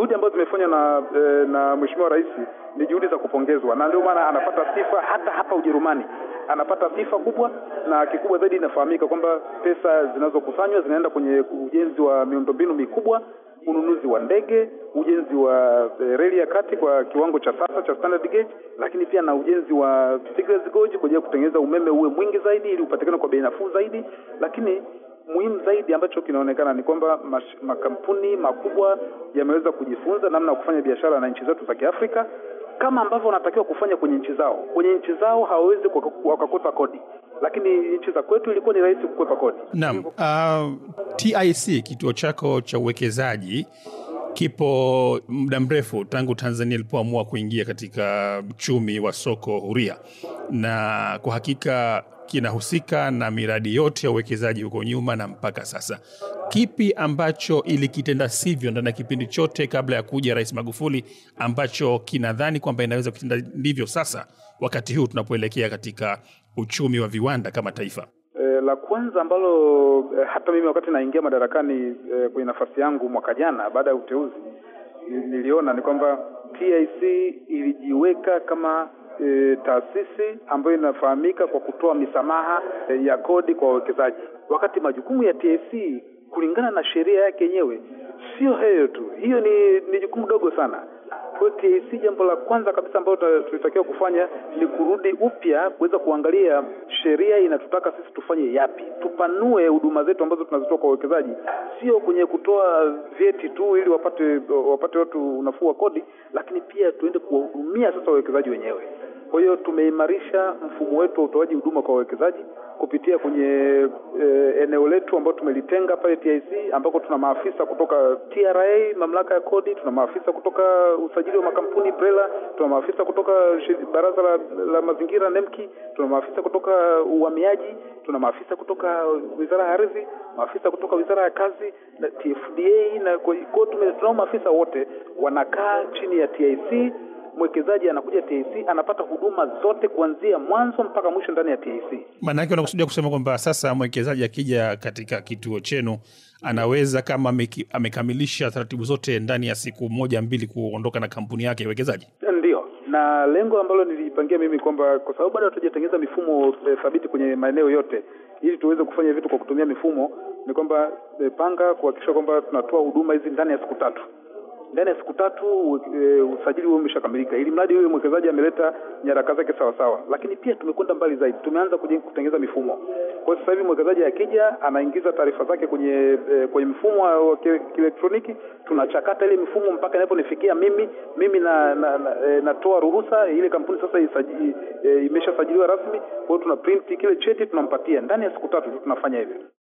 Juhudi ambazo zimefanywa na e, na mheshimiwa rais ni juhudi za kupongezwa, na ndio maana anapata sifa hata hapa Ujerumani, anapata sifa kubwa, na kikubwa zaidi inafahamika kwamba pesa zinazokusanywa zinaenda kwenye ujenzi wa miundombinu mikubwa, ununuzi wa ndege, ujenzi wa e, reli ya kati kwa kiwango cha sasa cha standard gauge, lakini pia na ujenzi wa Tigris gauge kwa ajili ya kutengeneza umeme uwe mwingi zaidi ili upatikane kwa bei nafuu zaidi, lakini muhimu zaidi ambacho kinaonekana ni kwamba makampuni makubwa yameweza kujifunza namna ya kufanya biashara na nchi zetu za Kiafrika kama ambavyo wanatakiwa kufanya kwenye nchi zao. Kwenye nchi zao hawawezi wakakwepa kodi, lakini nchi za kwetu ilikuwa ni rahisi kukwepa kodi. Naam. Uh, TIC kituo chako cha uwekezaji kipo muda mrefu tangu Tanzania ilipoamua kuingia katika uchumi wa soko huria, na kwa hakika kinahusika na miradi yote ya uwekezaji huko nyuma na mpaka sasa. Kipi ambacho ilikitenda sivyo ndani ya kipindi chote kabla ya kuja Rais Magufuli ambacho kinadhani kwamba inaweza kutenda ndivyo sasa wakati huu tunapoelekea katika uchumi wa viwanda kama taifa? Eh, la kwanza ambalo e, hata mimi wakati naingia madarakani e, kwenye nafasi yangu mwaka jana baada ya uteuzi niliona ni kwamba TIC ilijiweka kama e, taasisi ambayo inafahamika kwa kutoa misamaha e, ya kodi kwa wawekezaji, wakati majukumu ya TIC kulingana na sheria yake yenyewe sio hayo tu. Hiyo ni, ni jukumu dogo sana. Kwa hiyo jambo la kwanza kabisa ambalo tulitakiwa kufanya ni kurudi upya kuweza kuangalia sheria inatutaka sisi tufanye yapi, tupanue huduma zetu ambazo tunazitoa kwa wawekezaji, sio kwenye kutoa vyeti tu ili wapate wapate watu nafuu wa kodi, lakini pia tuende kuwahudumia sasa wawekezaji wenyewe. Kwa hiyo tumeimarisha mfumo wetu wa utoaji huduma kwa wawekezaji kupitia kwenye e, eneo letu ambayo tumelitenga pale TIC, ambako tuna maafisa kutoka TRA, mamlaka ya kodi, tuna maafisa kutoka usajili wa makampuni BRELA, tuna maafisa kutoka baraza la, la mazingira NEMKI, tuna maafisa kutoka uhamiaji, tuna maafisa kutoka wizara ya ardhi, maafisa kutoka wizara ya kazi na TFDA, na kwa hiyo tunao maafisa wote wanakaa chini ya TIC mwekezaji anakuja TIC anapata huduma zote kuanzia mwanzo mpaka mwisho ndani ya TIC. yake unakusudia kusema kwamba sasa mwekezaji akija katika kituo chenu anaweza kama ameki, amekamilisha taratibu zote ndani ya siku moja mbili kuondoka na kampuni yake ya uwekezaji? ndio na lengo ambalo nilijipangia mimi kwamba kwa sababu bado hatujatengeneza mifumo e, thabiti kwenye maeneo yote, ili tuweze kufanya vitu kwa kutumia mifumo, ni kwamba e, panga kuhakikisha kwamba tunatoa huduma hizi ndani ya siku tatu ndani ya siku tatu e, usajili huo umeshakamilika, ili mradi huyo mwekezaji ameleta nyaraka zake sawa sawa. Lakini pia tumekwenda mbali zaidi, tumeanza kutengeneza mifumo. Kwa sasa hivi mwekezaji akija, anaingiza taarifa zake kwenye e, kwenye mfumo wa kielektroniki, tunachakata ile mifumo mpaka inaponifikia mimi mimi na, na, na, e, natoa ruhusa ile kampuni sasa e, imeshasajiliwa rasmi. Kwa hiyo tuna print kile cheti tunampatia, ndani ya siku tatu tunafanya hivyo.